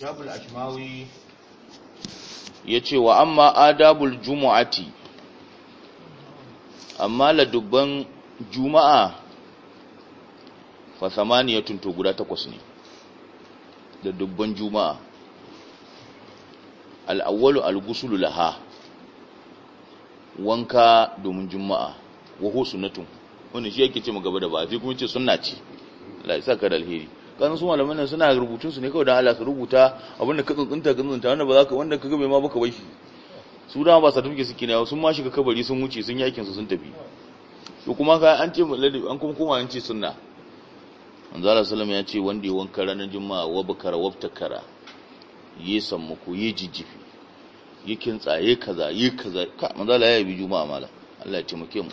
jabul ashmawi ya ce wa amma adabul jumu'ati amma dubban juma'a fa samaniya to guda takwas ne da dubban juma'a al'awwalu al ghusl laha wanka domin juma'a wa ho sunnatun wannan shi yake ce mu gaba da ba sai kuma ce sunna ce Allah ya saka da alheri kan su malaman nan suna rubutun su ne kawai don Allah su rubuta abin da ka tsuntsunta ka tsuntsunta wanda ba za ka wanda ka gabe ma baka bai shi su da ba certificate suke ne sun ma shiga kabari sun wuce sun yakin su sun tafi to kuma ka an ce ladabi an kuma koma an ce sunna manzo Allah sallallahu ya ce wanda ya wanka ranar juma'a wa bakara wabtakara yi sammuku yi jijjifi yi kintsa yi kaza yi kaza ka manzo Allah ya yi juma'a mala Allah ya taimake mu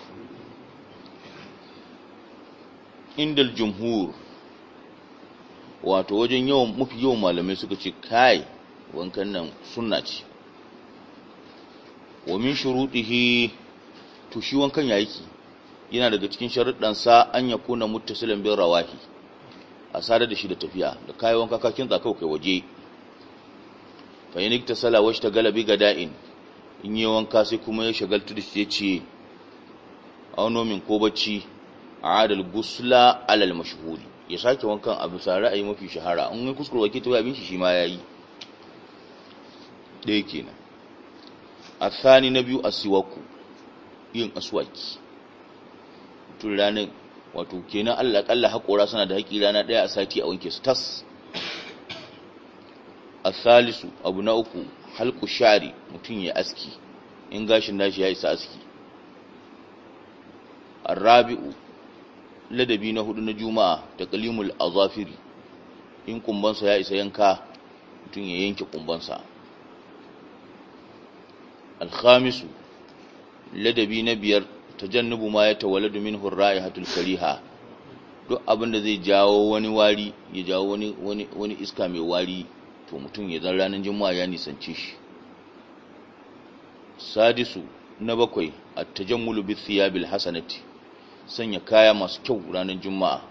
indal jumhur wato wajen yawan mafi yawan malamai suka ce kai wankan nan sunna ce wa min shurutihi to shi wankan ya yake yana daga cikin sharuɗansa an ya kuna silin bin rawahi a sadar da shi da tafiya da kayan wanka kakin tsakau kai waje fa ta sala wacce ta galabi ga da'in in yi wanka sai kuma ya shagaltu da shi ya ce aunomin ko bacci a adal gusula alal mashuhuri. ya sake wankan a sa ra'ayi mafi shahara in wani kuskure wake ta abin shi shi ma yayi ɗaya kenan a tsani na biyu asiwaku yin aswaki tun ranar wato kenan Allah kalla haƙora suna da haƙi rana ɗaya a sati a wanke su tas a salisu abu na uku halku shari mutum ya aski in gashin nashi ya isa aski a ladabi na hudu na juma'a ta taqlimul azafiri in kumbansa ya isa yanka tun ya yanke kumbansa alkhamisu ladabi na biyar tajannubu ma ya tawalladu minhu ra'ihatul kariha duk abinda zai jawo wani wari ya jawo wani iska mai wari to mutum ya zan ranar juma'a ya nisanci. shi sadisu na bakwai at-tajammulu bi thiyabil hasanati sanya kaya masu kyau ranar juma'a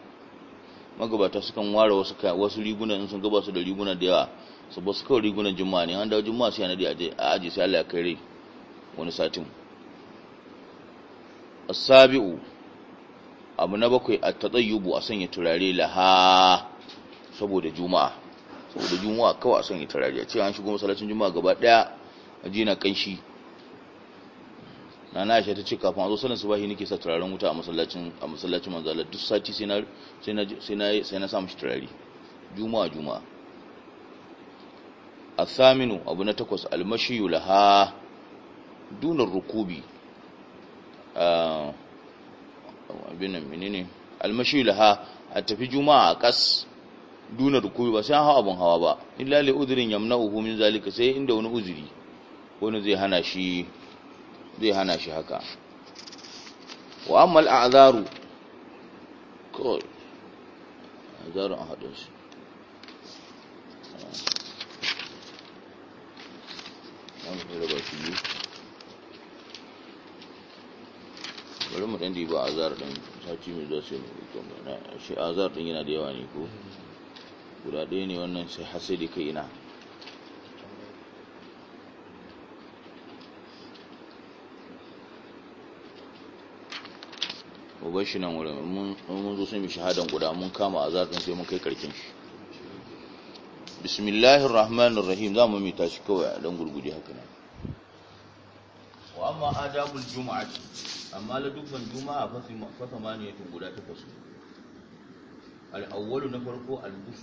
magabata sukan ware wasu wasu riguna in sun gaba su da riguna da yawa su ba su kawai riguna juma'a ne an dawo juma'a sai na a aji sai Allah ya kai rai wani satin asabi'u abu na bakwai a tatsayyubu a sanya turare laha saboda juma'a saboda juma'a kawai a sanya turare a ce an shigo masallacin juma'a gaba daya a jina kanshi na na shi ta ce kafin a zo sallan subahi nake sa turaren wuta a masallacin a masallacin manzala duk sati sai na sai na sai na sa mishi turare juma'a juma'a asaminu abu na takwas almashiyu laha dunar rukubi ah, abin menene almashiyu laha a tafi juma'a a kas dunar rukubi ba sai hawa abun hawa ba illa li udhrin yamna'uhu min zalika sai inda wani uzuri wani zai hana shi zai hana shi haka wa ammal a'zaru kawai a'zaru bari mu azar ɗin sai mu yana da yawa ne ne wannan sai hasidi kai ina mu bar shi nan wurin mun zo sun bi shahadan guda mun kama a zartun sai mun kai karkin shi bismillahir rahmanir rahim za mu mita shi kawai a dan gurguje haka nan wa amma adabul jumu'ati amma la dubban juma'a fa fi guda takwas al awwalu na farko al